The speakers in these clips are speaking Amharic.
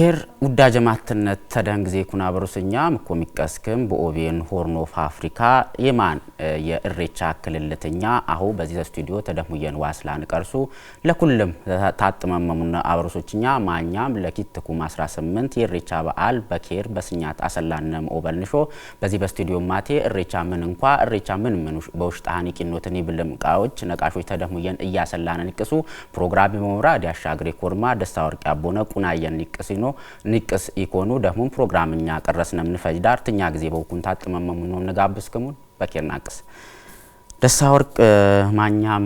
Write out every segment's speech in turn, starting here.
ኬር ውዳ ጀማትነት ተደን ጊዜ ኩና በሩስኛ ምኮ ሚቀስክም በኦቤን ሆርን ኦፍ አፍሪካ የማን የእሬቻ ክልልትኛ አሁ በዚህ ስቱዲዮ ተደሙየን ዋስላን ቀርሱ ለኩልም ታጥመመሙን አበሩሶችኛ ማኛም ለኪትኩም 18 የእሬቻ በዓል በኬር በስኛት አሰላነም ኦበልንሾ በዚህ በስቱዲዮ ማቴ እሬቻ ምን እንኳ እሬቻ ምን ምን በውሽጣን ይቂኖትን ይብልም ቃዎች ነቃሾች ተደሙየን እያሰላነን ቅሱ ፕሮግራም የመምራ ዲያሻግሬ ኮርማ ደስታ ወርቅ ያቦነ ቁናየን ይቅሲኖ ንቅስ ኢኮኑ ደሁም ፕሮግራም እኛ ቀረስነም ንፈጅ ዳርትኛ ጊዜ በኩን ታጥመመሙ ነው ንጋብስ ክሙን በኬር ናቅስ ደሳ ወርቅ ማኛም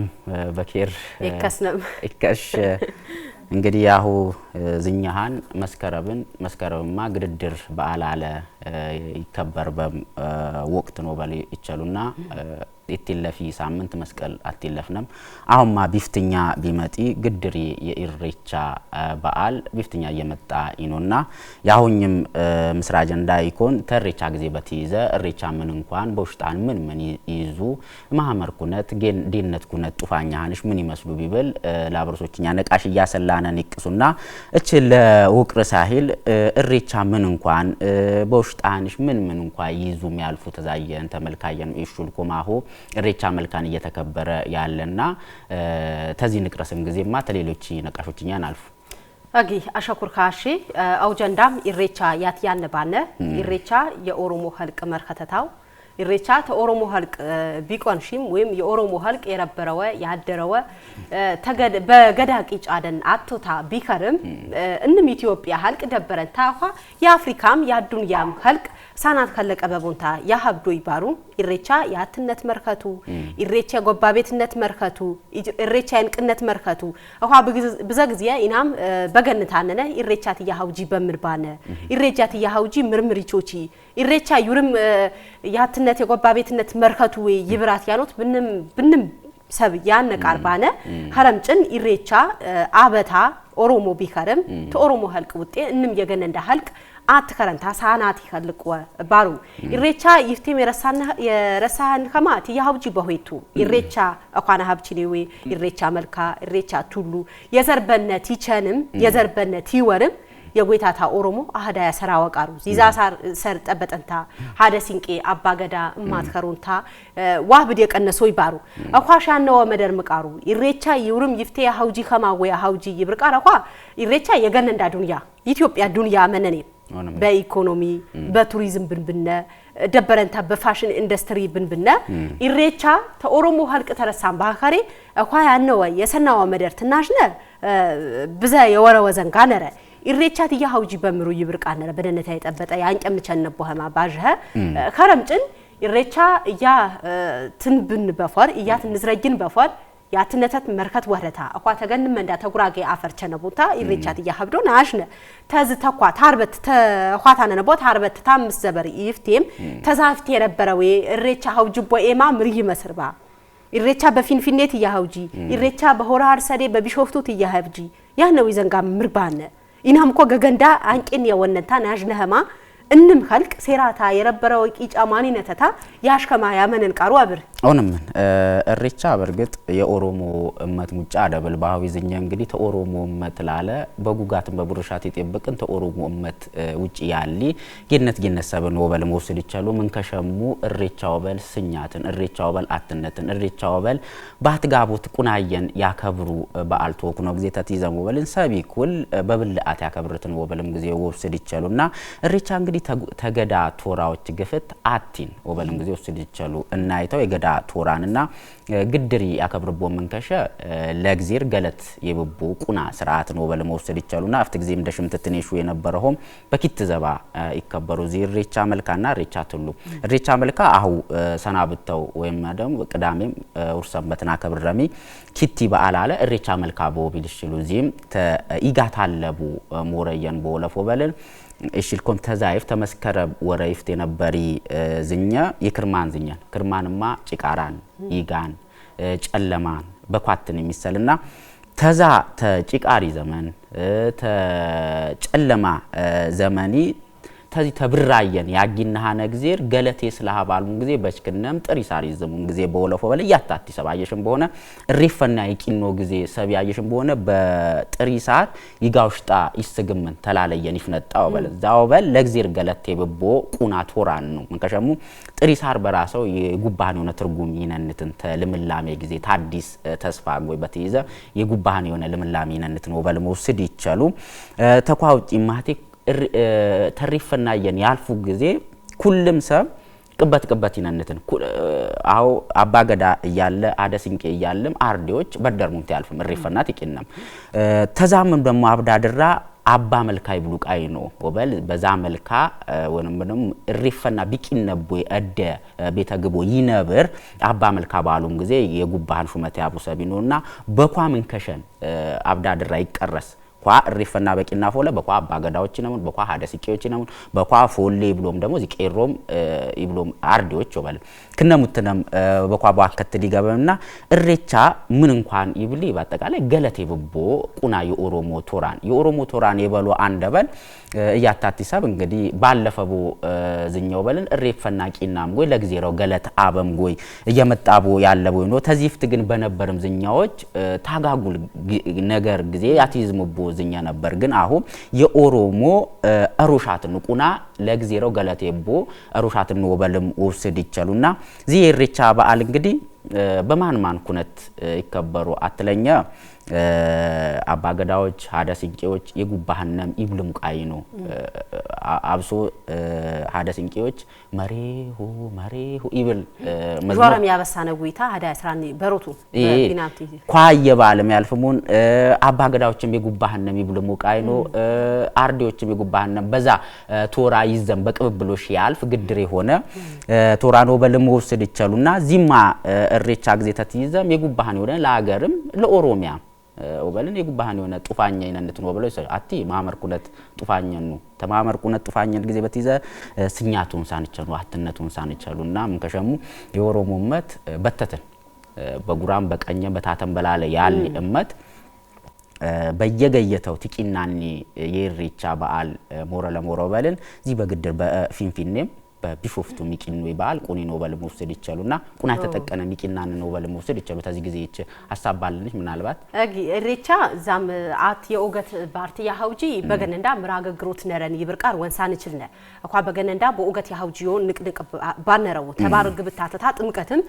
በኬር ይከስ እንግዲህ ያሁ ዝኛሃን መስከረብን መስከረብማ ግድድር በዓል አለ ይከበር በወቅት ነው በል ይቻሉና ኢትለፊ ሳምንት መስቀል አትለፍነም አሁንማ ቢፍትኛ ቢመጢ ግድሪ የኢሬቻ በዓል ቢፍትኛ እየመጣ ይኖና የአሁኝም ምስራ አጀንዳ ይኮን ተሬቻ ጊዜ በትይዘ እሬቻ ምን እንኳን በውሽጣን ምን ምን ይዙ ማህመር ኩነት ጌንነት ኩነት ጡፋኛ ሀንሽ ምን ይመስሉ ቢብል ላብሮሶችኛ ነቃሽ እያሰላነን ይቅሱና እች ለውቅር ሳሂል እሬቻ ምን እንኳን በውሽጣንሽ ምን ምን እንኳ ይዙ የሚያልፉ ተዛየን ተመልካየን ኢሹል ኩማሆ እሬቻ መልካን እየተከበረ ያለና ተዚህ ንቅረስም ጊዜማ ተሌሎች ነቃሾችኛን አልፉ አጊ አሸኩር ካሺ አውጀንዳም ኢሬቻ ያት ያነባነ ኢሬቻ የኦሮሞ ህልቅ መርከተታው ኢሬቻ ተኦሮሞ ሀልቅ ቢቆንሺም ወይም የኦሮሞ ሀልቅ የነበረወ ያደረወ በገዳ ቂጫ አቶታ ቢከርም እንም ኢትዮጵያ ሀልቅ ደበረን ታኳ የአፍሪካም የአዱንያም ሀልቅ ሳናት ከለቀበ በቦንታ ያሀብዶ ይባሩ ኢሬቻ የአትነት መርከቱ ኢሬቻ ቤትነት መርከቱ ኢሬቻ የንቅነት መርከቱ አሁን ብዘ ጊዜ ኢናም በገንታነነ ኢሬቻ ትያሀውጂ በምርባነ ኢሬቻት ያሀውጂ ምርምሪቾቺ ኢሬቻ ዩርም የአትነት ቤትነት መርከቱ ይብራት ያኖት ብንም ብንም ሰብ ያነቃርባነ ሀረምጭን ኢሬቻ አበታ ኦሮሞ ቢከርም ተኦሮሞ ሀልቅ ውጤ እንም የገነንዳ ሀልቅ አት ከረንታ ሳናት ይኸልቆ ባሩ ኢሬቻ ይፍቴም የረሳህን ከማ ትያ ሀብጂ በሆይቱ ኢሬቻ እኳና ሀብቺ ኔዌ ኢሬቻ መልካ ኢሬቻ ቱሉ የዘርበነት ይቸንም የዘርበነት ይወርም የጎይታታ ኦሮሞ አህዳያ ሰራ ወቃሩ ዚዛ ሰር ጠበጠንታ ሀደ ሲንቄ አባገዳ እማትከሩንታ ዋህብድ የቀነሶ ይባሩ አኳሻነወ መደር ምቃሩ ኢሬቻ ይውርም ይፍቴ ሀውጂ ከማወያ ሀውጂ ይብርቃር አኳ ኢሬቻ የገነ እንዳ ዱንያ ኢትዮጵያ ዱንያ መነኔ በኢኮኖሚ በቱሪዝም ብንብነ ደበረንታ በፋሽን ኢንዱስትሪ ብንብነ ኢሬቻ ተኦሮሞ ሀልቅ ተረሳን ባህካሬ እኳ ያነወ የሰናዋ መደር ትናሽነ ብዘ የወረወዘን ጋነረ ኢሬቻ ትያ ሀውጂ በምሩ ይብር ቃነረ በደነታ የጠበጠ ያንጨምቸን ነቦኸማ ባዥኸ ከረምጭን ኢሬቻ እያ ትንብን ብን እያ ትንዝረጅን በፏር ያትነተት መርከት ወረታ እኳ ተገን መንዳ ተጉራጌ አፈር ቸነ ቦታ ኢሬቻት እያሀብዶን ናሽነ ተዝ ተኳ ታርበት ተኳታነ ነቦ ታርበት ታምስ ዘበር ይፍቴም ተዛፍት የነበረ ወይ እሬቻ ሀውጅቦ ኤማ ምርይ መስርባ ኢሬቻ በፊንፊኔት እያሀውጂ ኢሬቻ በሆራ አርሰዴ በቢሾፍቱት እያሀብጂ ያነው ይዘንጋ ምርባነ ኢናምኮ ገገንዳ አንቄን የወነንታ ናዥነህማ እንም ኸልቅ ሴራታ የረበረ ወቂጫ ማንነተታ ያሽከማ ያመንን ቃሩ አብር አሁንም እሬቻ በርግጥ የኦሮሞ እመት ሙጫ ደብል ባህዊ ዝኛ እንግዲህ ተኦሮሞ እመት ላለ በጉጋትን በቡርሻት የጠበቅን ተኦሮሞ እመት ውጭ ያሊ ጌነት ጌነት ሰብን ወበል መውሰድ ይቻሉ ምን ከሸሙ እሬቻ ወበል ስኛትን እሬቻ ወበል አትነትን እሬቻ ወበል ባትጋቦት ቁናየን ያከብሩ በዓል ተወኩኖ ጊዜ ተትይዘም ወበልን ሰቢኩል በብልአት ያከብርትን ወበልም ጊዜ ወብስድ ይቻሉና እሬቻ እንግዲህ ተገዳ ቶራዎች ግፍት አቲን ወበልም ጊዜ ወስድ ይቸሉ እናይተው የገዳ ቶራን ቶራንና ግድሪ ያከብርቦ መንከሸ ለእግዚር ገለት የብቦ ቁና ስርዓት ነው ወበልም ወስድ ይቸሉና አፍት ጊዜ እንደ ሽምትትኔሹ የነበረውም በኪት ዘባ ይከበሩ ዚ ሬቻ መልካና ሬቻ ትሉ ሬቻ መልካ አሁ ሰናብተው ወይም ደግሞ ቅዳሜም ውርሰንበትና ከብረሚ ኪቲ በዓል አለ እሬቻ መልካ በወቢል ይችሉ ዚህም ኢጋታለቡ ሞረየን በወለፎ በልን እሺ እሽልኮም ተዛይፍ ተመስከረብ ወረይፍት የነበሪ ዝኛ ይክርማን ዝኛን ክርማንማ ጭቃራን ይጋን ጨለማን በኳትን የሚሰልና ተዛ ተጭቃሪ ዘመን ተጨለማ ዘመኒ ተዚህ ተብራየን ያጊናሃነ እግዜር ገለቴ ስላሃ ጊዜ በችክነም ጥሪ ሳሪዝሙን ጊዜ በወለፎ በለ ያታቲ ሰብ አየሽም በሆነ ሪፈና ይቂኖ ጊዜ ሰብ ያየሽም በሆነ በጥሪ ሳር ይጋውሽጣ ይስግምን ተላለየን ይፍነጣው በለ ዛው በል ለእግዜር ገለቴ ብቦ ቁና ቶራን ነው መንከሸሙ ጥሪ ሳር በራሰው የጉባህን የሆነ ትርጉም ይነንትን ተልምላሜ ጊዜ ታዲስ ተስፋ ጎይ በትይዘ የጉባህን የሆነ ልምላሜ ይነንትን ወበል መውስድ ይቸሉ ተኳውጪ ማቴ የን ያልፉ ጊዜ ኩልም ሰብ ቅበት ቅበት ይነንትን አው አባገዳ እያለ አደ ስንቄ እያለም አርዴዎች በደርሙም ያልፍም እሪፈናት ይቅናም ተዛምም ደግሞ አብዳድራ አባ መልካ ይብሉቃይ ነው ወበል በዛ መልካ ወንም ደግሞ እሪፈና ቢቂነቦ እደ ቤተ ግቦ ይነብር አባ መልካ ባሉም ጊዜ የጉባህን ሹመት ያብሩ ሰቢ ነውና በኳ ምንከሸን አብዳድራ ይቀረስ ኳ እሪፈና በቂና ፎለ በኳ አባገዳዎች ነሙን በኳ ሀደ ስቄዎች ነሙን በኳ ፎሌ ብሎም ደግሞ እዚ ቄሮም ይብሎም አርዲዎች ወበል ክነሙትነም በኳ ባከት ሊገበምና እሬቻ ምን እንኳን ይብል በአጠቃላይ ገለቴ ብቦ ቁና የኦሮሞ ቶራን የኦሮሞ ቶራን የበሎ አንደበል እያታቲሳብ እንግዲህ ባለፈቦ ዝኛው በልን እሬፈና ቂናም ጎይ ለጊዜራው ገለት አበም ጎይ እየመጣቦ ያለቦ ነው ተዚፍት ግን በነበርም ዝኛዎች ታጋጉል ነገር ጊዜ ያቲዝምቦ ዝኛ ነበር ግን አሁን የኦሮሞ እሩሻትን ንቁና ለጊዜሮ ገለቴቦ እሩሻትን ንወበልም ውብስድ ይቸሉና ዚህ የኢሬቻ በዓል እንግዲህ በማን ማን ኩነት ይከበሩ አትለኛ አባገዳዎች ሀደ ስንቄዎች የጉባህነም ይብልም ነው። አብሶ ሀደ ስንቄዎች መሬሁ መሬሁ ይብል ያበሳ ነው። ጉይታ ሀደ ስራን በሮቱ ኳየ ባለም ያልፍሙን አባገዳዎችም የጉባህነም ቃይ ነው። አርዲዎችም የጉባህነም በዛ ቶራ ይዘን በቅብብሎሽ ያልፍ ግድር የሆነ ቶራ ነው በልም ወስድ ይቸሉና ዚማ እሬቻ ጊዜ ተትይዘም የጉባህን የሆነ ለሀገርም ለኦሮሚያ ኦበልን የጉባህን የሆነ ጡፋኛ ነው ይነንትን ወበሎ አቲ ማመር ጡፋኛ ነው ተማመር ኩነት ጡፋኘን ጊዜ በትይዘ ስኛቱን ሳንቸኑ አትነቱን ሳንቸሉ እና ምንከሸሙ የኦሮሞ እመት በተትን በጉራም በቀኘም በታተም በላለ ያል እመት በየገየተው ትቂናኒ የኢሬቻ በዓል ሞረ ለሞረ ኦበልን እዚህ በግድር በፊንፊኔም በቢሾፍቱ ሚቂን ወይ በዓል ቁኒ ኖበል መውሰድ ይቻሉና ቁና ተጠቀነ ሚቂናን ኖበል መውሰድ ይቻሉ ታዚ ጊዜ ይች ሀሳብ ባለንሽ ምናልባት ሬቻ እዛም አት የኦገት ባርቲ ያሀውጂ በገነንዳ ምራገግሮት ነረን ይብርቃር ወንሳን ይችልነ እኳ በገነንዳ በኦገት ያሀውጂ ዮን ንቅንቅ ባነረው ተባርግ ብታተታ ጥምቀትም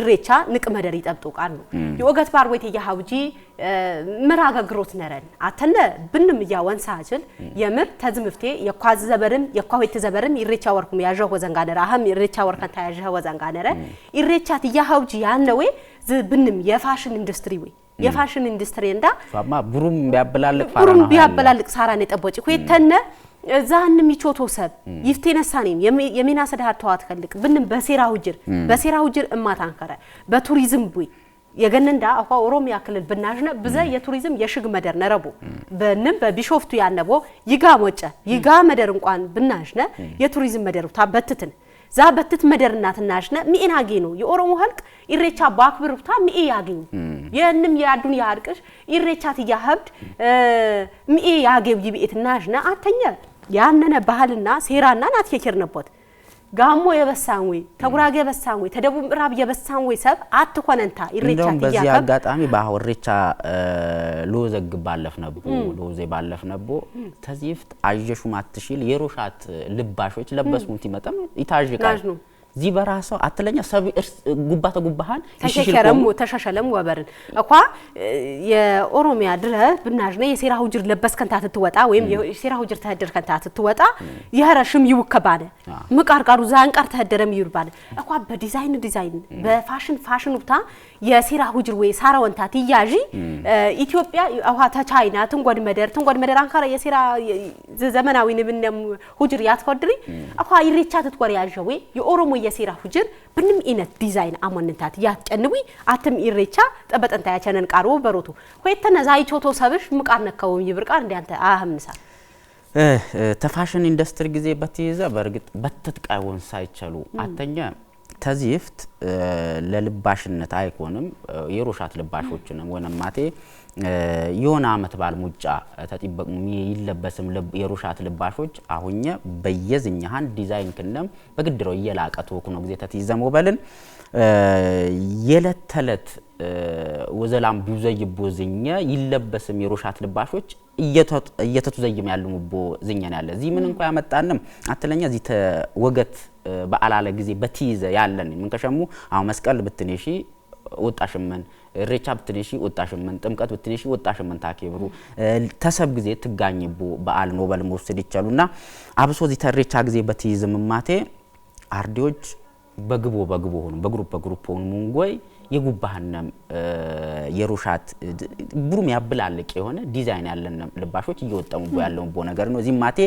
ኢሬቻ ንቅ መደር ይጠብጡ ቃል ነው የኦገት ባር ወይት ያሀውጂ ምራገግሮት ነረን አተነ ብንም ያ ወንሳ ይችል የምር ተዝምፍቴ የኳዝ ዘበርም የኳ ወይት ዘበርም ኢሬቻ ወርኩም ያዣ ወዘንጋነረ አሁን ኢሬቻ ወርከን ታያዥ ወዘንጋነረ ኢሬቻ ትያ ሀውጂ ያነዌ ዝብንም የፋሽን ኢንዱስትሪ ወይ የፋሽን ኢንዱስትሪ እንዳ ፋማ ቡሩም ቢያበላልቅ ፋራ ነው ቢያበላልቅ ሳራ ነው ሳራን የጠቦጭ ተነ ዛንም ይቾቶ ሰብ ይፍቴነሳኔም የሚና ሰዳሃር ተዋት ከልቅ ብንም በሴራ ውጅር በሴራ ውጅር እማታንከረ በቱሪዝም ቡይ የገነንዳ አኳ ኦሮሚያ ክልል ብናሽነ ብዘ የቱሪዝም የሽግ መደር ነረቡ በንም በቢሾፍቱ ያነቦ ይጋ ሞጨ ይጋ መደር እንኳን ብናሽነ የቱሪዝም መደር ብታ በትትን ዛ በትት መደር እናትናሽነ ሚኢን አጌኑ የኦሮሞ ህልቅ ኢሬቻ በአክብር ብታ ሚኢ ያገኙ የንም ያዱን ያርቅሽ ኢሬቻ ትያህብድ ሚኢ ያገብ ይብኤት ናሽነ አተኛ ያነነ ባህልና ሴራና ናት የኬር ነቦት ጋሞ የበሳን ወይ ተጉራጌ የበሳን ወይ ተደቡብ ምዕራብ የበሳን ወይ ሰብ አትኮነንታ ኮነንታ ይሬቻ ትያ በዚህ አጋጣሚ ባወሬቻ ሬቻ ሎዘግ ባለፍ ነቦ ሎዜ ባለፍ ነቦ ተዚፍት አጀሹ ማትሽል የሮሻት ልባሾች ለበስሙት ይመጣም ይታጅቃል ዚህ በራሰ አትለኛ ሰብ ጉባተ ጉባሃን ተሸከረሙ ተሻሸለም ወበርን እኳ የኦሮሚያ ድረ ብናጅነ የሴራ ሁጅር ለበስ ከንታ ትትወጣ ወይም የሴራ ሁጅር ተህደር ከንታ ትትወጣ የረሽም ይውከባለ ምቃርቃሩ ዛንቃር ተህደረም ይርባለ እኳ በዲዛይን ዲዛይን በፋሽን ፋሽን ውታ የሴራ ሁጅር ወይ ሳራ ወንታት ይያጂ ኢትዮጵያ አዋ ተቻይና ትንጎድ መደር ትንጎድ መደር አንካራ የሴራ ዘመናዊ ንብንም ሁጅር ያትቆድሪ እኳ ይሬቻ ትትቆር ያጀዌ የኦሮሞ የሴራ ሁጅር ብንም ኢነት ዲዛይን አመንታት ያጨንዊ አትም ኢሬቻ ጠበጠንታ ያቸነን ቃርቦ በሮቱ ሆይተነ ዛይቾቶ ሰብሽ ምቃር ነከውም ይብርቃር እንዲያንተ አህምሳ ተፋሽን ኢንዱስትሪ ጊዜ በትይዘ በእርግጥ በትጥቃውን ሳይቸሉ አተኛ ተዚፍት ለልባሽነት አይኮንም የሮሻት ልባሾችንም ወንም ማቴ የሆነ አመት ባል ሙጫ ተጢበቅሙ ይለበስም የሮሻት ልባሾች አሁኘ በየዝኛሃን ዲዛይን ክለም በግድረው እየላቀ ተወኩኖ ጊዜ ተትይዘም ወበልን የዕለት ተዕለት ወዘላም ቢዘይቦ ዝኛ ይለበስም የሮሻት ልባሾች እየተቱ ዘይም ያሉምቦ ዝኛን ያለ እዚህ ምን እንኳ ያመጣንም አትለኛ እዚህ ተወገት በአላለ ጊዜ በቲይዘ ያለን ምንከሸሙ አሁን መስቀል ብትኔሺ ወጣሽመን ሬቻ ብትኔሺ ወጣሽመን ጥምቀት ብትኔሺ ወጣሽመን ታኬብሩ ተሰብ ጊዜ ትጋኝቡ በአል ኖበል መውሰድ ይቻሉና አብሶ ዚ ተሬቻ ጊዜ በቲይዝ ምማቴ አርዲዎች በግቦ በግቦ ሆኑ በግሩፕ በግሩፕ ሆኑ ሙንጎይ የጉባህነም የሩሻት ብሩም ያብላልቅ የሆነ ዲዛይን ያለን ልባሾች እየወጠሙ ያለውን ቦ ነገር ነው እዚህ ማቴ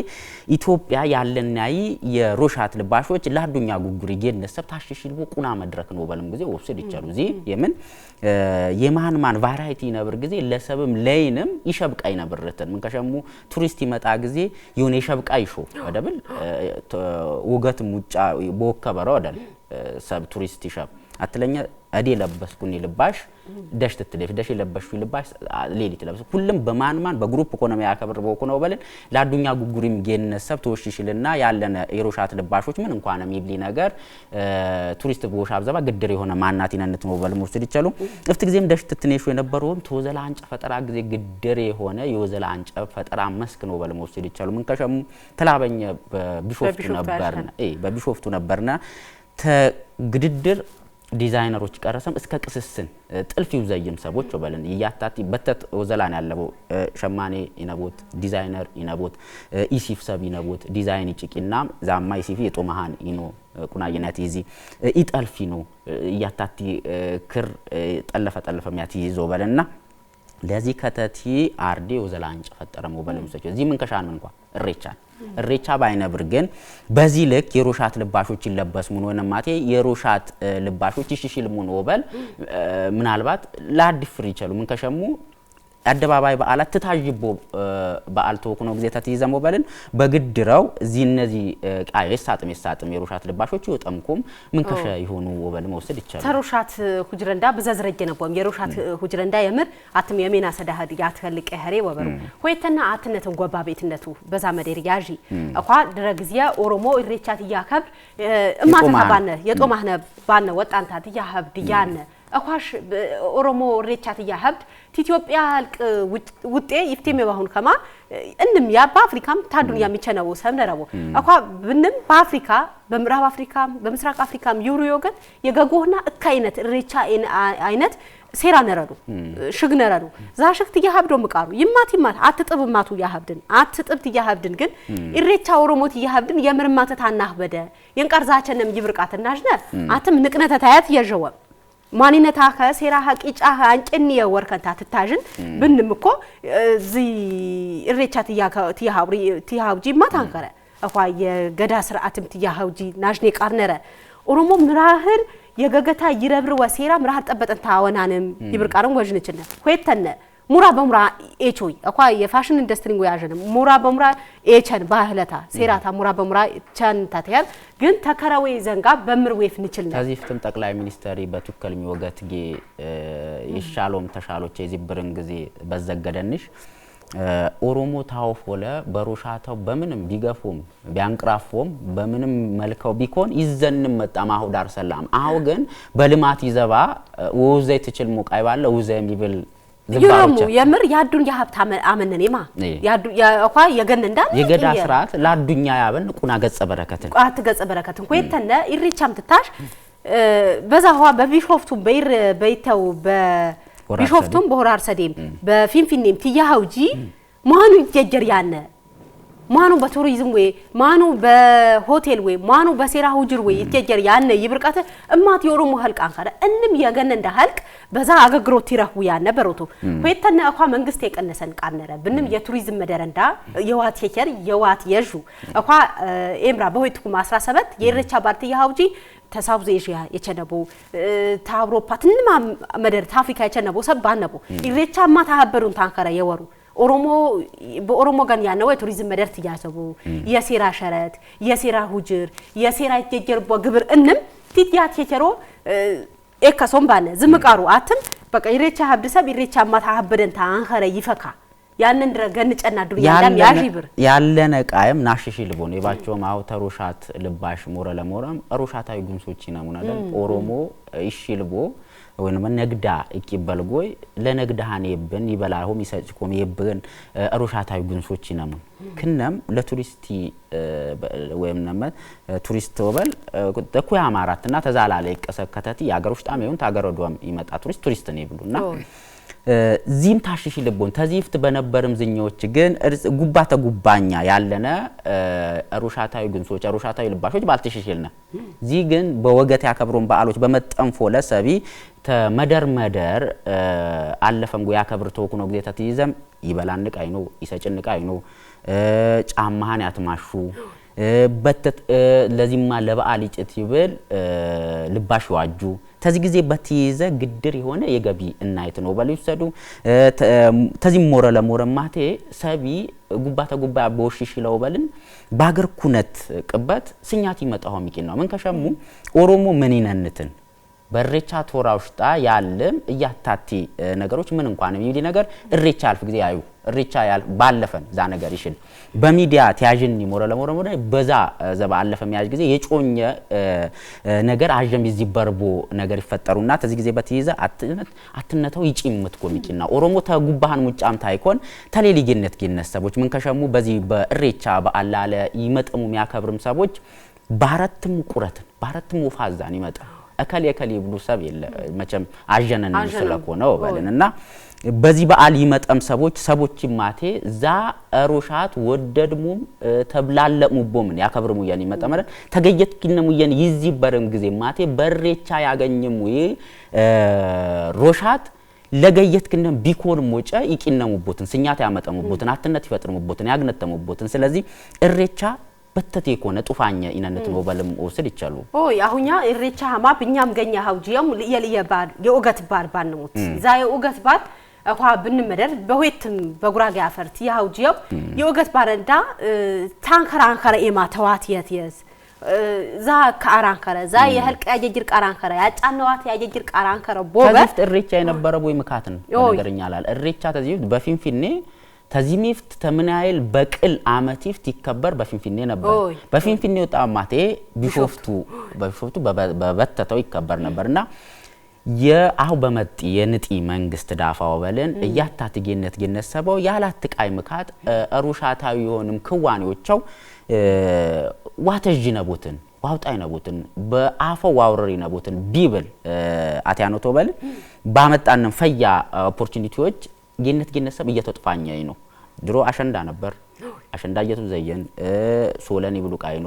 ኢትዮጵያ ያለናይ የሩሻት ልባሾች ለአዱኛ ጉጉሪ ጌነሰብ ታሽሽልቦ ቁና መድረክ ነው በለም ጊዜ ወብስድ ይቻሉ እዚህ የምን የማን ማን ቫራይቲ ነብር ጊዜ ለሰብም ለይንም ይሸብቃይ ነብርትን ምን ከሸሙ ቱሪስት ይመጣ ጊዜ የሆነ ይሸብቃይ ሾ ወደብል ውገትም ውጫ ቦከበረ ወደል ሰብ ቱሪስት ይሸብ አትለኛ እዴ ለበስኩኝ ልባሽ ደሽ ትትልፍ ደሽ የለበሽ ልባሽ ሌሊት ለብስ ሁሉም በማንማን በግሩፕ ኢኮኖሚ ያከብር በኩ ነው በልን ለአዱኛ ጉጉሪም ጌነሰብ ተወሽሽልና ያለነ ኤሮሻት ልባሾች ምን እንኳን የሚብሊ ነገር ቱሪስት ቦሻ አብዛባ ግድር የሆነ ማናት ይነንት ነው በል ሙርስ ይቻሉ ጥፍት ጊዜም ደሽ ትትኔሹ የነበረውም ተወዘላ አንጨ ፈጠራ ጊዜ ግድር የሆነ የወዘላ አንጨ ፈጠራ መስክ ነው በል ሙርስ ይቻሉ ምን ከሸሙ ተላበኘ በቢሾፍቱ ነበርና በቢሾፍቱ ነበርና ተግድድር ዲዛይነሮች ቀረሰም እስከ ቅስስን ጥልፍ ይውዘይም ሰዎች ወበልን እያታት በተት ወዘላን ያለቦ ሸማኔ ይነቦት ዲዛይነር ይነቦት ኢሲፍ ሰብ ይነቦት ዲዛይን ይጭቂና ዛማ ኢሲፍ የጦማሃን ይኖ ቁናይነት ይዚ ኢጠልፍ ይኖ እያታቲ ክር ጠለፈ ጠለፈ ሚያት ይዞ በልና ለዚህ ከተቲ አርዴ ወዘላን ጨፈጠረ ሞባይል ሙሰጭ እዚህ ምን ከሻን ምን እንኳ እሬቻን እሬቻ ባይነብር ግን በዚህ ልክ የሮሻት ልባሾች ይለበስ ምን ሆነ ማቴ የሮሻት ልባሾች ይሽሽል ምን ወበል ምናልባት ላድ ፍሪ ይችላል ምን ከሸሙ አደባባይ በዓላት ትታዥቦ በዓል ተወክኖ ጊዜ ተትይዘ ሞበልን በግድረው እዚ እነዚህ ቃየስ ሳጥም የሳጥም የሩሻት ልባሾች ይወጠምኩም ምንከሸ ይሆኑ ወበል መውሰድ ይቻላል ተሩሻት ሁጅረንዳ ብዘዝረጀ ነቦም የሩሻት ሁጅረንዳ የምር አትም የሜና ሰዳህድ ያትከልቀ ኸሬ ወበሩ ሆይተና አትነትን ጎባ ቤትነቱ በዛ መዴር ያዢ እኳ ድረ ጊዜ ኦሮሞ ኢሬቻት እያከብር እማተባነ የጦማህነ ባነ ወጣንታት እያሀብድ ያነ እኳሽ ኦሮሞ ኢሬቻት እያሀብድ ኢትዮጵያ ህልቅ ውጤ ይፍቴም የባሁን ከማ እንም ያ በአፍሪካም ታዱን ያሚቸነው ሰምነረቦ አኳ ብንም በአፍሪካ በምዕራብ አፍሪካም በምስራቅ አፍሪካም ይውሩ ወገን የገጎህና እካ አይነት ሬቻ አይነት ሴራ ነረዱ ሽግ ነረዱ ዛ ሽግት እያሀብዶ ምቃሩ ይማት ይማት አትጥብ ማቱ ያሀብድን አትጥብት እያሀብድን ግን ኢሬቻ ኦሮሞት እያሀብድን የምርማተት አናህበደ የንቃር ዛቸንም ይብርቃትና አትም ንቅነተታያት የዠወም ማንነታ ከሴራ ሀቂጫ አንጭን የወርከንታ ትታዥን ብንም እኮ እዚ እሬቻ ትያሃብጂ ማ ታንከረ እኳ የገዳ ስርዓትም ትያሃብጂ ናሽኔ ቃርነረ ኦሮሞ ምራህር የገገታ ይረብር ወሴራ ምራህር ጠበጠንታ አወናንም ይብርቃርን ወዥንችነ ሁየተነ ሙራ በሙራ ኤቾይ እኳ የፋሽን ኢንዱስትሪ ያጀነ ሙራ በሙራ ኤቸን ባህለታ ሴራታ ሙራ በሙራ ቻን ታተያል ግን ተከራዊ ዘንጋ በምር ዌፍ ንችል ነው ከዚህ ፍትም ጠቅላይ ሚኒስተር በቱከል ሚወገት ጌ ይሻሎም ተሻሎች የዚህ ብርን ጊዜ በዘገደንሽ ኦሮሞ ታወፍ ወለ በሮሻታው በምንም ቢገፉም ቢያንቅራፎም በምንም መልከው ቢኮን ይዘንም መጣም አሁ ዳር ሰላም አሁ ግን በልማት ይዘባ ውዘይ ትችል ሙቃይ ባለ ውዘይ የሚብል ይሮሙ የምር ያዱን የሀብት ማ ያዱ ያኳ የገን እንዳል የገዳ ስርዓት ላዱኛ ያብን ቁና ገጸ በረከትን ቋት ገጸ በረከትን ኮይተነ ኢሪቻም ትታሽ በዛዋ በቢሾፍቱ በይር በይተው በቢሾፍቱም በሆራር ሰዴም በፊንፊኔም ትያሃውጂ ማኑ ይጀጀር ያነ ማኑ በቱሪዝም ወይ ማኑ በሆቴል ወይ ማኑ በሴራ ሁጅር ወይ ይትጀር ያነ ይብርቀተ እማት የኦሮሞ ህልቅ አንካለ እንም የገነ እንደ ህልቅ በዛ አገግሮ ይረሁ ያነ በሮቱ ሆይተነ አኳ መንግስት የቀነሰን ቃነረ ብንም የቱሪዝም መደረንዳ የዋት የቸር የዋት የዡ አኳ ኤምራ በሆይትኩ 17 የረቻ ባርቲ ያውጂ ተሳብዞ ኤዥያ የቸነቦ ታውሮፓ ትንማ መደር ታፍሪካ የቸነቦ ሰብ ባነቦ ይረቻማ ታሀበሩን ታንከረ የወሩ ኦሮሞ በኦሮሞ ገን ያለው የቱሪዝም መደርት እያሰቡ የሴራ ሸረት የሴራ ሁጅር የሴራ ጀጀርቦ ግብር እንም ቲቲያ ቸሮ ኤከሶም ባለ ዝምቃሩ አትም በቃ ኢሬቻ ሀብድሰብ ኢሬቻ ማታ ሀብደን ታንኸረ ይፈካ ያንን ድረገን ጨና ዱርያ ያም ያሽብር ያለነ ቃየም ናሽሽ ልቦን የባቸው ማውተ ሩሻት ልባሽ ሞረ ለሞረም ሩሻታዊ ጉምሶች ናሙና ኦሮሞ እሺ ልቦ ወይም ነግዳ እቂበል ጎይ እቂበልጎይ ለነግዳሃን የብን ይበላሆም ይሰጭኮም የብን ሮሻታዊ ጉንሶች ይነሙን ክነም ለቱሪስቲ ወይም ነመ ቱሪስት ወበል ተኩ ያማራት እና ተዛላለ ይቀሰከተቲ ያገር ውስጥ አመዩን ዶም ይመጣ ቱሪስት ቱሪስት ነው ይብሉና ዚህም ታሽሽ ልቦን ተዚፍት በነበርም ዝኛዎች ግን ጉባ ተጉባኛ ያለነ ሩሻታዊ ግንሶች ሩሻታዊ ልባሾች ባልትሽሽልነ ዚህ ግን በወገት ያከብሮን በዓሎች በመጠንፎ ለሰቢ ተመደር መደር አለፈም ጉያ ከብርቶ ተወኩኖ ጊዜ ተትይዘም ይበላንቅ አይኖ ይሰጭንቅ ነው ጫማህን ያትማሹ በተት ለዚህማ ለበዓል ይጭት ይብል ልባሽ ዋጁ ተዚህ ጊዜ በትይዘ ግድር የሆነ የገቢ እናይት ነው በል ይሰዱ ተዚህ ሞረ ለሞረ ማቴ ሰቢ ጉባ ተጉባ በወሽሽ ይለው በልን ባገር ኩነት ቅበት ስኛት ይመጣው ሚቂ ነው ምን ከሸሙ ኦሮሞ ምን ይነንትን በሬቻ ቶራ ውሽጣ ያለም እያታቲ ነገሮች ምን እንኳን የሚል ነገር እሬቻ አልፍ ጊዜ ያዩ እሬቻ ባለፈን ዛ ነገር ይሽል በሚዲያ ተያዥን ይሞረ ለሞረ ሞረ በዛ ዘባ አለፈ የሚያዥ ጊዜ የጮኘ ነገር አጀም ይዚ በርቦ ነገር ይፈጠሩና ተዚህ ጊዜ በትይዘ አትነት አትነተው ይጪምት ምትጎሚቂና ኦሮሞ ተጉባህን ሙጫም ታይኮን ተሌሊ ግነት ግነት ሰቦች ምን ከሸሙ በዚህ በእሬቻ በአላለ ይመጠሙ የሚያከብርም ሰቦች ባረትም ቁረትን ባረትም ወፋዛን ይመጣ እከሌ እከሌ ብሎ ሰብ የለ መቼም አዠነን ስለኮ ነው በልን እና በዚህ በዓል ይመጠም ሰቦች ሰቦች ማቴ ዛ ሮሻት ወደድሙም ቦምን ያከብርሙ ያን ይመጠመረ ተገየት ኪነሙ ያን በርም ጊዜ ማቴ በሬቻ ያገኝሙ ሮሻት ለገየት ክነም ቢኮን ሞጨ ይቂነሙቦትን ስኛት ያመጠሙቦትን አትነት ይፈጥርሙቦትን ያግነተሙቦትን ስለዚህ እሬቻ በተት የኮነ ጡፋኛ ኢነነት ነው በለም ወሰድ ይቻሉ ኦ ያሁኛ እሬቻ ሀማ ብኛም ገኛ ሀውጂ ያም የልየባል የኦገት ባል ባን ነውት ዛ የኦገት ባል እኳ ብንመደር በሁትም በጉራጌ አፈርት ያውጂ ያው የኦገት ባረንዳ ታንከራ አንከራ ኤማ ተዋት የት የስ ዛ ከአራንከረ ዛ የህልቅ ያጀጅር ቃራንከረ ያጫነዋት ያጀጅር ቃራንከረ ቦበት እሬቻ የነበረ ቦይ ምካትን ነገርኛላል እሬቻ ከዚህ በፊንፊኔ ተዚህ ተምናይል በቅል አመት ይከበር በፊንፊኔ ነበር። በፊንፊኔ ወጣ ቢሾፍቱ በቢሾፍቱ በበተተው ይከበር ነበርና የአሁ በመጥ የንጢ መንግስት ዳፋ ወበልን እያታት ጌነት ጌነት ምካት ሩሻታዊ የሆንም ክዋኔዎቸው ዋተዥ ነቦትን ዋውጣይ ነቦትን በአፈው ዋውረሪ ነቦትን ቢብል አትያኖት ወበልን ባመጣንም ፈያ ኦፖርቹኒቲዎች ጌነት ጌነት ሰብ ነው ድሮ አሸንዳ ነበር። አሸንዳ እየቱ ዘየን ሶለኒ ብሉ ቃይኖ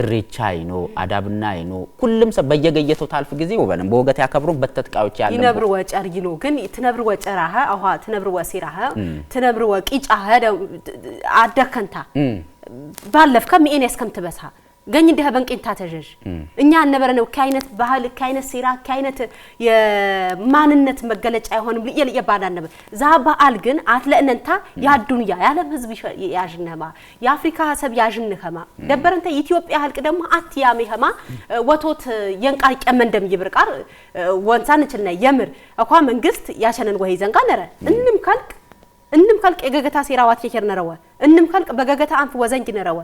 እሬቻ አይኖ አዳብና አይኖ ሁሉም ሰብ በየገየተው ታልፍ ጊዜ ወበንም በወገት ያከብሩ በተጥቃዎች ያለ ይነብር ወጨር ይኖ ግን ትነብር ወጨራህ አዋ ትነብር ወሲራህ ትነብር ወቂጫህ አደከንታ ባለፍከም ኢኔስ ከምትበሳ ገኝ እንዲህ በንቄንታ ተጀዥ እኛ አነበረ ነው ከአይነት ባህል ከአይነት ሴራ ከአይነት የማንነት መገለጫ አይሆንም ልየ ልየ ባዳን ነበር ዛ በዓል ግን አትለእነንታ ያዱንያ የዓለም ህዝብ ያዥነማ የአፍሪካ ሰብ ያዥንኸማ ደበረንተ ኢትዮጵያ ህልቅ ደግሞ አትያሜ ኸማ ወቶት የንቃር ቀመ እንደምይብር ቃር ወንሳን እንችልና የምር እኳ መንግስት ያሸነን ወይ ዘንጋ ነረ እንም ካልቅ እንም ካልቅ የገገታ ሴራ ዋት የከር ነረወ እንም ካልቅ በገገታ አንፍ ወዘንጅ ነረወ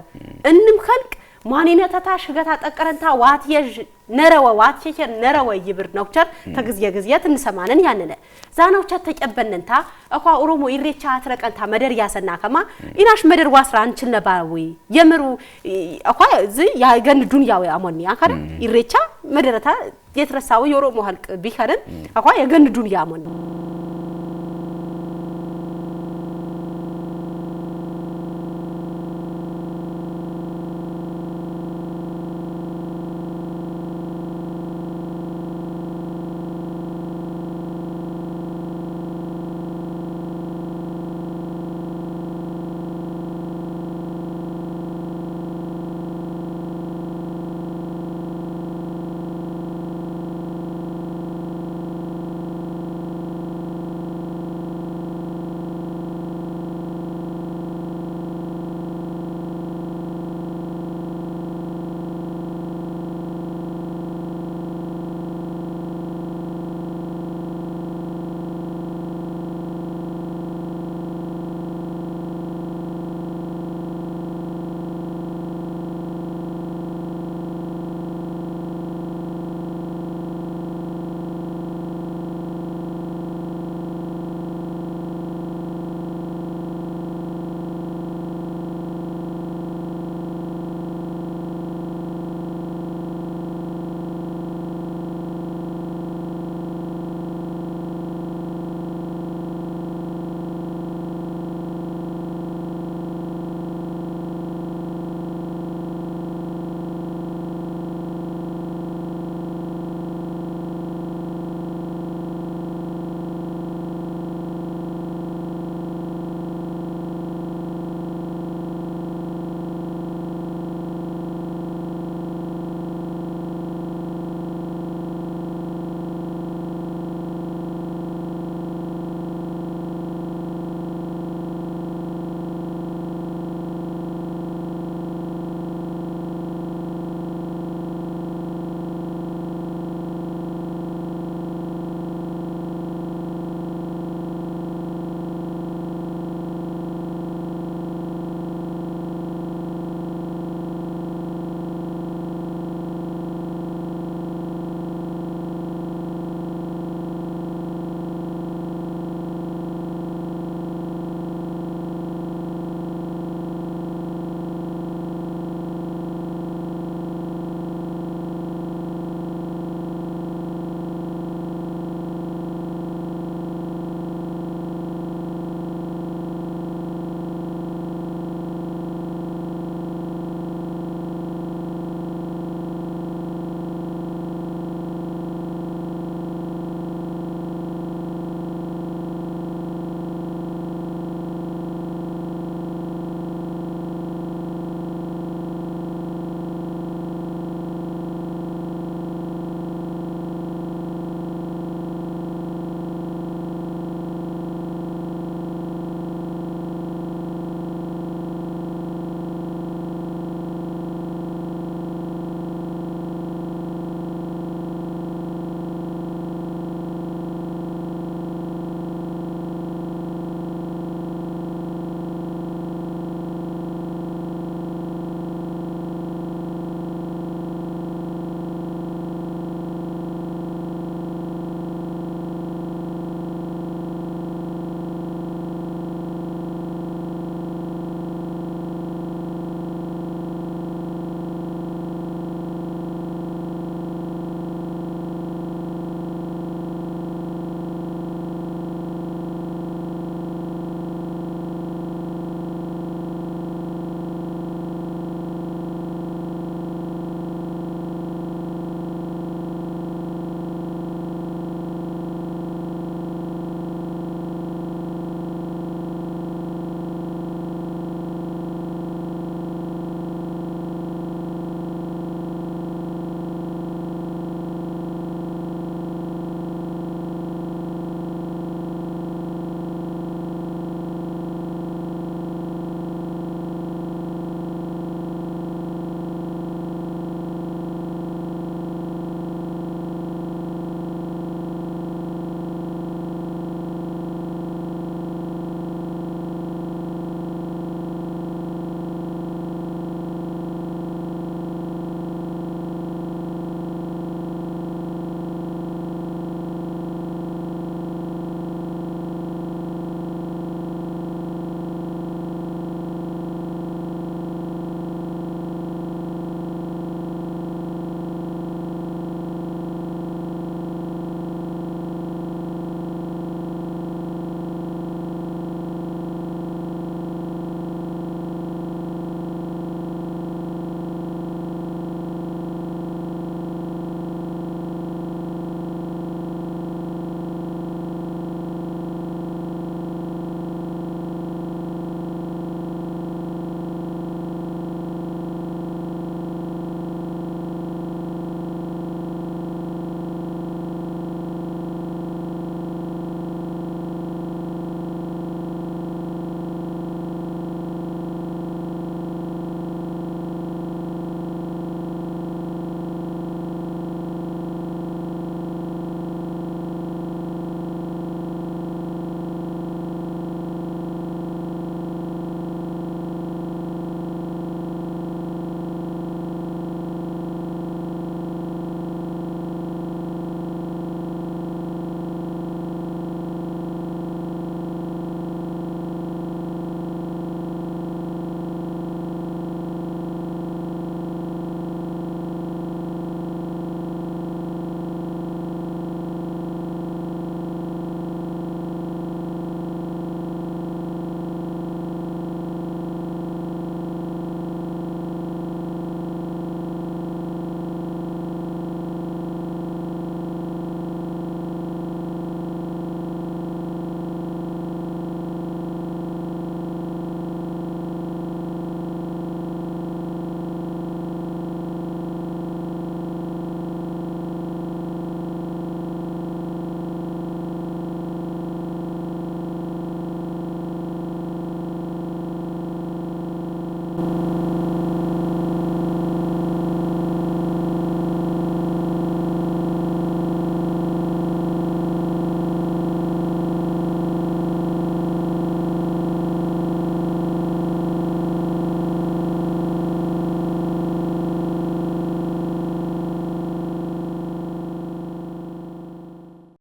እንም ካልቅ ማንነተታ ሽገታ ጠቀረንታ ዋት የዥ ነረወ ዋት ቸቸር ነረወ ይብር ነውቸር ተግዚያ ግዚያ ትንሰማንን ያንነ ዛናውቸር ተጨበነንታ እኳ ኦሮሞ ይሬቻ አትረቀንታ መደር ያሰና ከማ ኢናሽ መደር ዋስራ አንችል ነባዊ የምሩ እኳ እዚ ያገን ዱንያዊ አሞኒ አካረ ይሬቻ መደረታ የትረሳው የኦሮሞ ህልቅ ቢከርን እኳ የገን ዱንያ አሞኒ